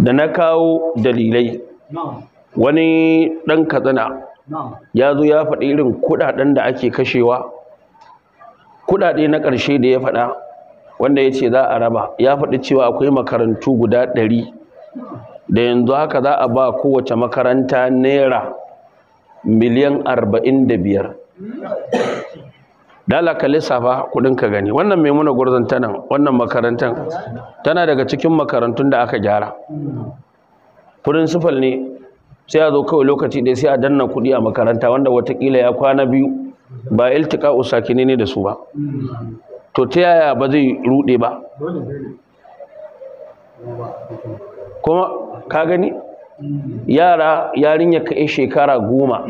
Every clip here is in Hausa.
da na kawo dalilai wani ɗan katsina ya zo ya faɗi irin kuɗaɗen da ake kashewa kuɗaɗe na ƙarshe da ya faɗa wanda ya ce za a raba ya faɗi cewa akwai makarantu guda ɗari da yanzu haka za a ba kowace makaranta naira miliyan arba'in da biyar dala ka lissafa kudin ka gani wannan maimuna gurzon ta nan wannan makarantan tana daga cikin makarantun da aka gyara Firinsifal ne sai a zo kawai lokaci ɗaya sai a danna kuɗi a makaranta wanda watakila ya kwana biyu ba iltika usakini ne da su ba to ta yaya ba zai rude ba kuma ka gani yara yarinya ka shekara goma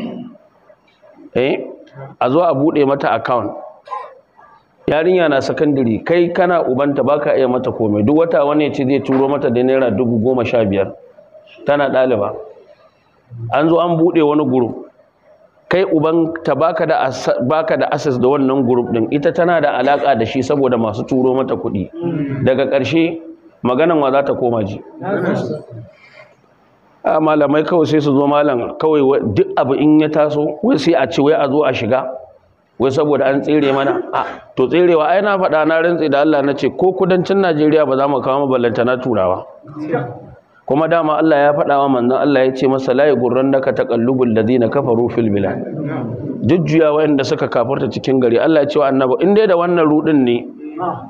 eh a zo a buɗe mata account yarinya na sakandare kai kana ubanta baka iya mata komai duk wata wani ya ce zai turo mata da naira dubu goma sha biyar tana ɗaliba an zo an buɗe wani group kai uban ta baka da baka da access da wannan group din ita tana da alaka da shi saboda masu turo mata kuɗi daga ƙarshe maganan wa za ta koma ji Ah, malamai kawai sai su zo malam kawai duk abu in ya taso wai sai a ce wai a zo a shiga wai saboda an tsere mana a to tserewa ai na faɗa na rantsi da Allah na ce ko kudancin Najeriya ba za mu kawo maballanta na turawa kuma dama Allah ya faɗa wa manzon Allah ya ce masa la naka taqallubul ladina kafaru fil bilad jujjuya wanda suka kafarta cikin gari Allah ya ce wa annabi in dai da wannan rudin ne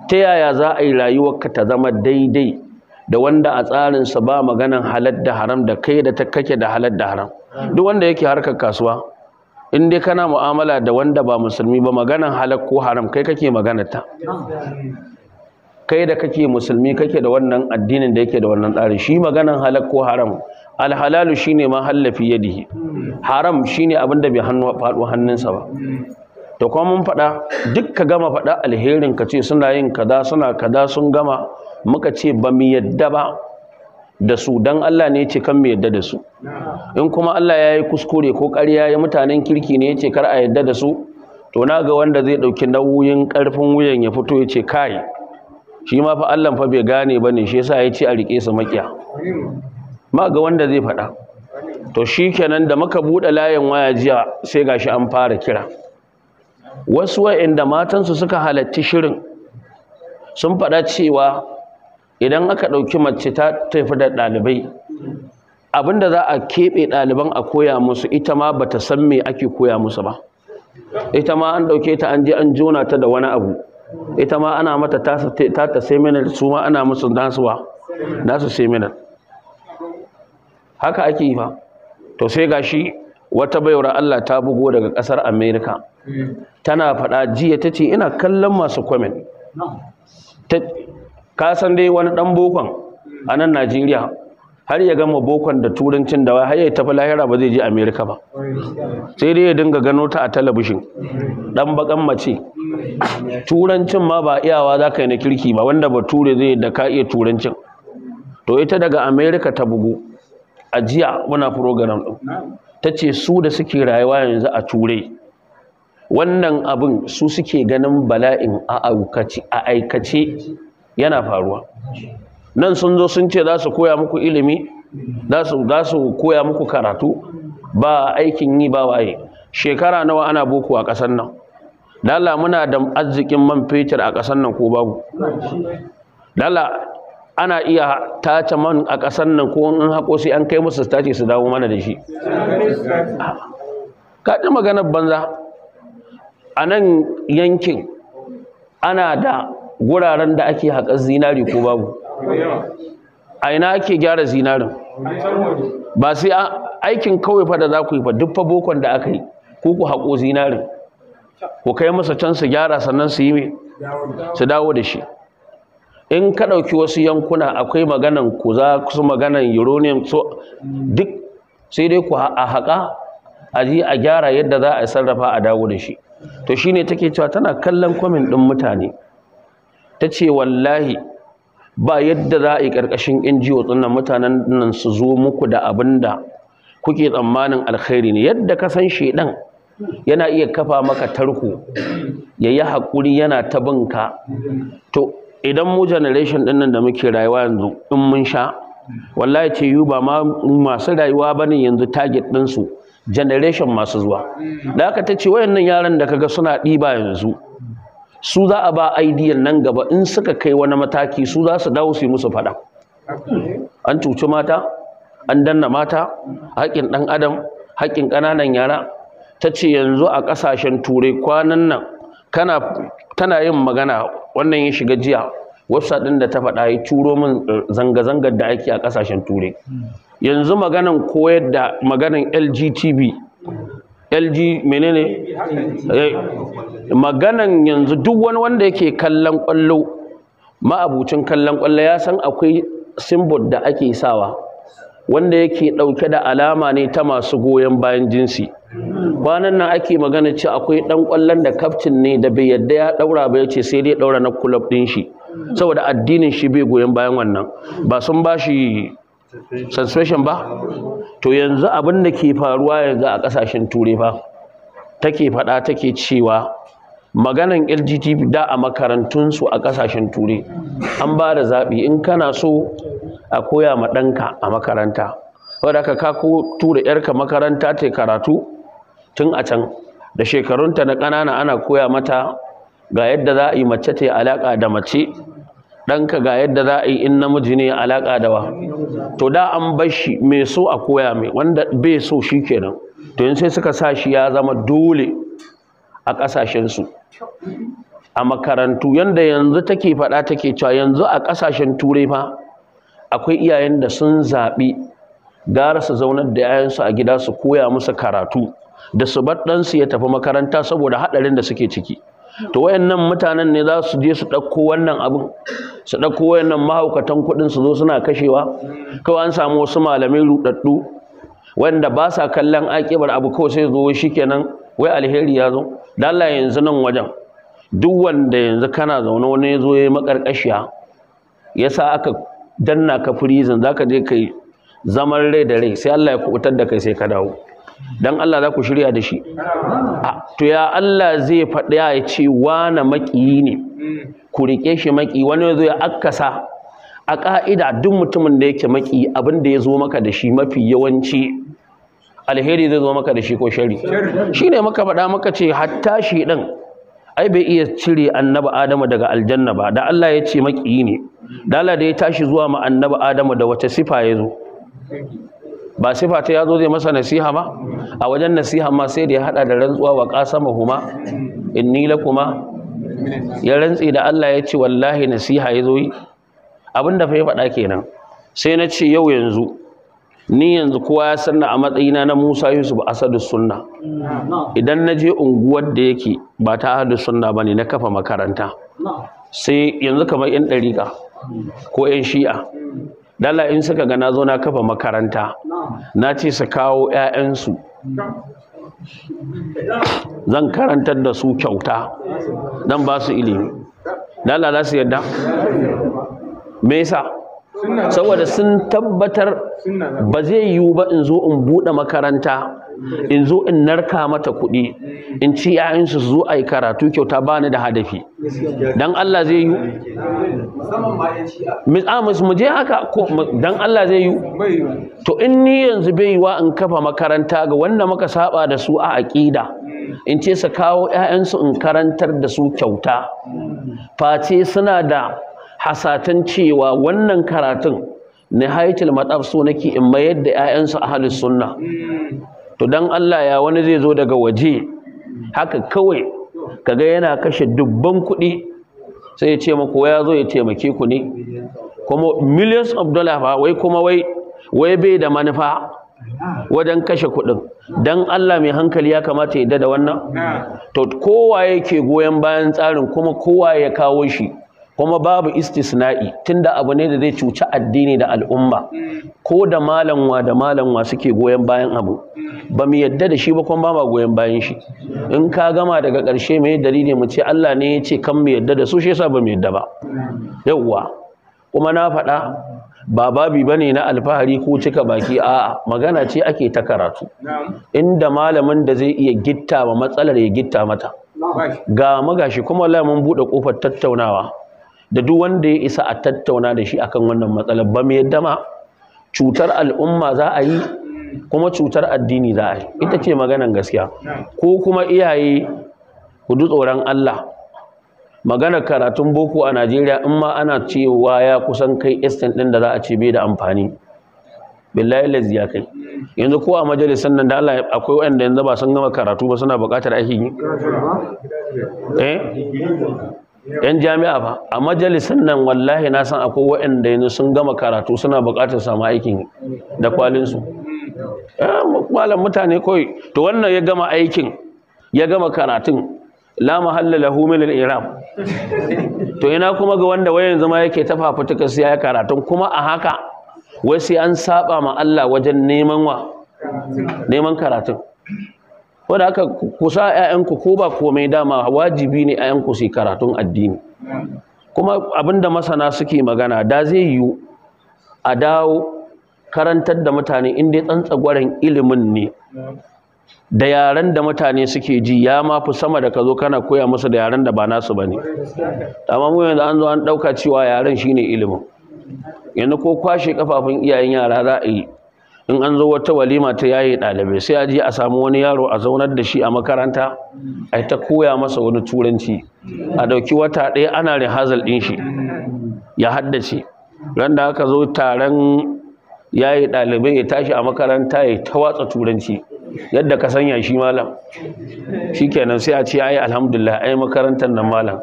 ta yaya za a yi ka ta zama daidai da wanda a tsarinsa ba maganan halal da haram da kai da ta kake da halal da haram duk wanda yake harkar kasuwa in dai kana mu'amala da wanda ba musulmi ba maganan halal ko haram kai kake maganar ta kai da kake musulmi kake da wannan addinin da yake da wannan tsarin shi maganan halal ko haram alhalalu shine ma hallafi yadihi haram shine abin da bai hannu faɗo hannunsa ba to kuma mun faɗa duk ka gama faɗa alherin ka ce suna yin kaza suna kaza sun gama muka ce ba mu yadda ba da su don Allah ne ce kan mu yadda da su in kuma Allah ya yi kuskure ko ƙarya ya mutanen kirki ne ya ce kar a yadda da su to na ga wanda zai ɗauki nauyin ƙarfin wuyan ya fito ya ce kai shi ma fa Allah fa bai gane ba ne shi yasa ya ce a riƙe su maƙiya ma ga wanda zai faɗa to shi kenan da muka buɗe layin waya jiya sai gashi an fara kira wasu wa'inda matansu suka halatti shirin sun faɗa cewa idan aka ɗauki mace ta tafi da ɗalibai abinda za a keɓe ɗaliban a koya musu ita ma ba ta san me ake koya musu ba ita ma an ɗauke ta an je an jona ta da wani abu ita ma ana mata ta ta seminar su ma ana musu nasuwa nasu seminar haka ake yi ba. to sai gashi wata baiwar Allah ta bugo daga ƙasar America tana faɗa jiya tace ina kallon masu comment ka san dai wani dan bokon a nan Najeriya har ya gama bokon da turancin da har ya tafi lahira ba zai je Amerika ba sai dai ya dinga gano ta a talabishin dan bakan mace turancin ma ba iyawa za ka yi na kirki ba wanda ba ture zai da ka iya turancin to ita daga Amerika ta bugu a jiya muna program din ta ce su da suke rayuwa yanzu a turai wannan abin su suke ganin bala'in a aikace yana faruwa nan sun zo sun ce za su koya muku ilimi za su koya muku karatu ba aikin yi ba waye shekara nawa ana boko a ƙasar nan lalla muna da arzikin man fetur a ƙasar nan ko babu lalla ana iya tace man a ƙasar nan ko in haƙo sai an kai musu tace su dawo mana da shi ka maganar banza a nan yankin ana da guraren da ake haƙar zinari ko babu a ina ake gyara zinarin ba sai aikin kawai fa da za ku yi fa duk fa bokon da aka yi ko ku haƙo zinarin ku kai masa can su gyara sannan su yi su dawo da shi in ka ɗauki wasu yankuna akwai maganan ku su maganan uranium so duk sai dai ku a haƙa a ji a gyara yadda za a sarrafa a dawo da shi to shine take cewa tana kallon kwamin ɗin mutane ta ce wallahi ba yadda za a yi ƙarƙashin injiyo tsunan mutanen nan su zo muku da abin da kuke tsammanin alkhairi ne yadda ka san shaidan yana iya kafa maka tarko ya yi haƙuri yana ta binka to idan mu generation ɗin da muke rayuwa yanzu in mun sha wallahi ce yu ba ma masu rayuwa ba ne yanzu target ɗinsu generation masu zuwa da aka ta ce wayannan yaran da kaga suna ɗiba yanzu su za a ba ideal nan gaba in suka kai wani mataki su za su dawo su yi musu faɗa an cuci mata an danna mata haƙƙin ɗan adam haƙƙin ƙananan yara ta ce yanzu a ƙasashen turai kwanan nan kana tana yin magana wannan ya shiga jiya website ɗin da ta faɗa ya turo min eh, zanga-zangar da ake a ƙasashen turai yanzu maganan koyar da maganan lgtb LG menene eh, maganan yanzu duk wani wanda yake kallon kwallo ma'abucin kallon kwallo ya san akwai symbol da ake sawa wanda yake dauke da alama ne ta masu goyon bayan jinsi kwanan nan ake magana ce akwai dan kwallon da kaftin ne da bai yadda ya daura ba yace sai dai daura na club din shi saboda addinin shi bai goyon bayan wannan ba sun bashi suspension ba to yanzu abin da ke faruwa yanzu a ƙasashen turai fa take faɗa take cewa maganan lgtb da a makarantunsu a ƙasashen turai an ba da zaɓi in kana so a koya ma ɗanka a makaranta wadda ka kako tura ‘yarka makaranta ta karatu tun a can da shekarunta na ƙanana ana koya mata ga yadda za a yi mace ta yi alaƙa da mace ɗanka ga yadda za a yi in namiji ne alaƙa da wa to da an bar shi mai so a koya mai wanda bai so shi kenan to yin sai suka sa shi ya zama dole a ƙasashensu a makarantu yanda yanzu take faɗa take cewa yanzu a ƙasashen turai ma akwai iyayen da sun zaɓi gara su zaunar da 'ya'yansu a gida su koya musu karatu da su bar ɗansu ya tafi makaranta saboda haɗarin da suke ciki to wayannan mutanen ne za su je su dauko wannan abin su dauko wayannan mahaukatan kuɗin su zo suna kashewa kawai an samu wasu malamai ruɗaɗɗu wanda ba sa kallon akibar abu ko sai zo shikenan wai alheri ya zo da Allah yanzu nan wajen duk wanda yanzu kana zaune wani ya zo ya makarkashiya maƙarƙashiya aka danna ka firizin zaka je kai zaman rai da rai sai Allah ya kubutar da kai sai ka dawo dan Allah za ku shirya da shi to ya Allah zai faɗi ya ce wani makiyi ne ku riƙe shi maƙi wani zo ya akkasa a ƙa'ida duk mutumin da yake maƙi abin da ya zo maka da shi mafi yawanci alheri zai zo maka da shi ko shari shi ne maka faɗa maka ce hatta shi ɗin ai bai iya cire annabi adamu daga aljanna ba da Allah ya ce maƙiyi ne da Allah da ya tashi zuwa ma annabi adamu da wata sifa ya zo ba sifa ta yazo zai masa nasiha ba a wajen nasiha ma sai da ya hada da rantsuwa wa huma inni lakuma ya rantsi da Allah ya ce wallahi nasiha yazo yi abinda fa ya fada kenan sai na ce yau yanzu ni yanzu kowa ya sanna a matsayina na Musa Yusuf Asadu Sunna idan na je unguwar da yake ba ta Asadu Sunna bane na kafa makaranta sai yanzu kamar yan dariqa ko yan shi'a dala in suka ga na zo na kafa makaranta na ce su kawo 'ya'yansu zan karantar da su kyauta dan ba su ilimi dala za su yadda me yasa saboda sun tabbatar ba zai yiwu ba in zo in buɗe makaranta in zo in narka mata kuɗi in ci ‘ya'yansu su zo a yi karatu kyauta ba ni da hadafi don Allah zai yi misamus mu je haka don Allah zai yi to in ni yanzu bai yiwa in kafa makaranta ga wanda muka saba da su a aƙida in ce su kawo ‘ya'yansu in karantar da su kyauta face suna da hasatan cewa wannan karatun nihayatul matsaf so nake in mayar da 'ya'yansu ahlus sunna to dan Allah ya wani zai zo daga waje haka kawai kaga yana kashe dubban kuɗi sai ya ce muku ya zo ya taimake ku ne kuma millions of dollars ba wai kuma wai wai bai da manufa wajen kashe kuɗin don Allah mai hankali ya kamata ya da wannan to kowa yake goyon bayan tsarin kuma kowa ya kawo shi kuma babu istisna'i tunda abu ne da zai cuci addini da al'umma ko da malamwa da malamwa suke goyon bayan abu ba mu yadda da shi ba kuma ba goyon bayan shi in ka gama daga ƙarshe mai dalili mu ce Allah ne ya ce kan mu yadda da su shi yasa ba mu yadda ba yawwa kuma na faɗa ba babi bane na alfahari ko cika baki a'a magana ce ake ta karatu inda malamin da zai iya gitta wa matsalar ya gitta mata ga magashi kuma wallahi mun buɗe kofar tattaunawa da duk wanda ya isa a tattauna da shi akan wannan matsalar ba mu yadda ma cutar al'umma za a yi kuma cutar addini za a yi ita ce maganan gaskiya ko kuma iyaye hudu tsoron Allah magana karatun boko a Najeriya in ma ana cewa ya kusan kai instant din da za a ce bai da amfani billahi lazi ya kai yanzu ko a majalisar nan da Allah akwai wanda yanzu ba sun gama karatu ba suna buƙatar aiki eh yan jami'a ba a majalisan nan wallahi na san akwai waɗanda yanzu sun gama karatu suna buƙatar samu aikin da kwalinsu eh, malam mutane kawai to wannan ya gama aikin ya gama karatun la mahalla lahu iram to ina kuma ga wanda wayan zama yake ta fafutuka siya ya karatun kuma a haka wai sai an saba ma Allah wajen neman wa neman karatun wanda aka kusa ‘ya'yanku ko ba komai dama wajibi ne ‘ya'yanku su karatun addini kuma abinda masana suke magana da zai yiwu a dawo karantar da mutane inda tsantsa gwaren ilimin ne da yaren da mutane suke ji ya ma fi sama da ka zo kana koya musu da yaren da ba nasu ba ne amma mu yanzu an zo an ɗauka cewa yaren shine ilimin yanzu ko kwashe kafafun iyayen yara za a yi in an zo wata walima ta yayi ɗalibai sai a je a samu wani yaro a zaunar da shi a makaranta a ta koya masa wani turanci a ɗauki wata ɗaya ana rihazal ɗin shi ya haddace ran da aka zo taron yayi ɗalibai ya tashi a makaranta ya ta watsa turanci yadda ka sanya shi malam shikenan sai a ce ai alhamdulillah ai makarantar nan malam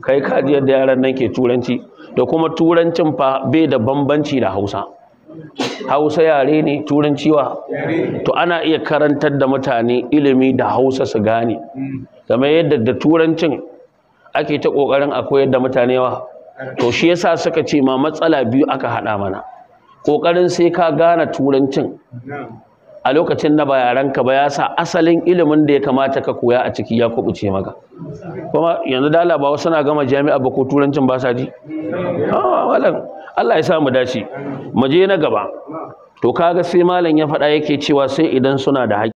kai ka ji yadda yaran nan ke turanci da kuma turancin fa bai da bambanci da Hausa hausa yare ne turanci to ana iya karantar da mutane ilimi da hausa su gane kamar yadda da turancin ake ta kokarin a koyar da mutane wa to shi yasa suka ce ma matsala biyu aka hada mana kokarin sai ka gane turancin a lokacin na ba ka ba ya sa asalin ilimin da ya kamata ka koya a ciki ya kubuce maka kuma yanzu da Allah ba wasu na gama jami'a ba ko turancin ba sa ji ah, Allah ya sa mu dace mu je na gaba to kaga sai malam ya faɗa yake cewa sai idan suna da haƙƙi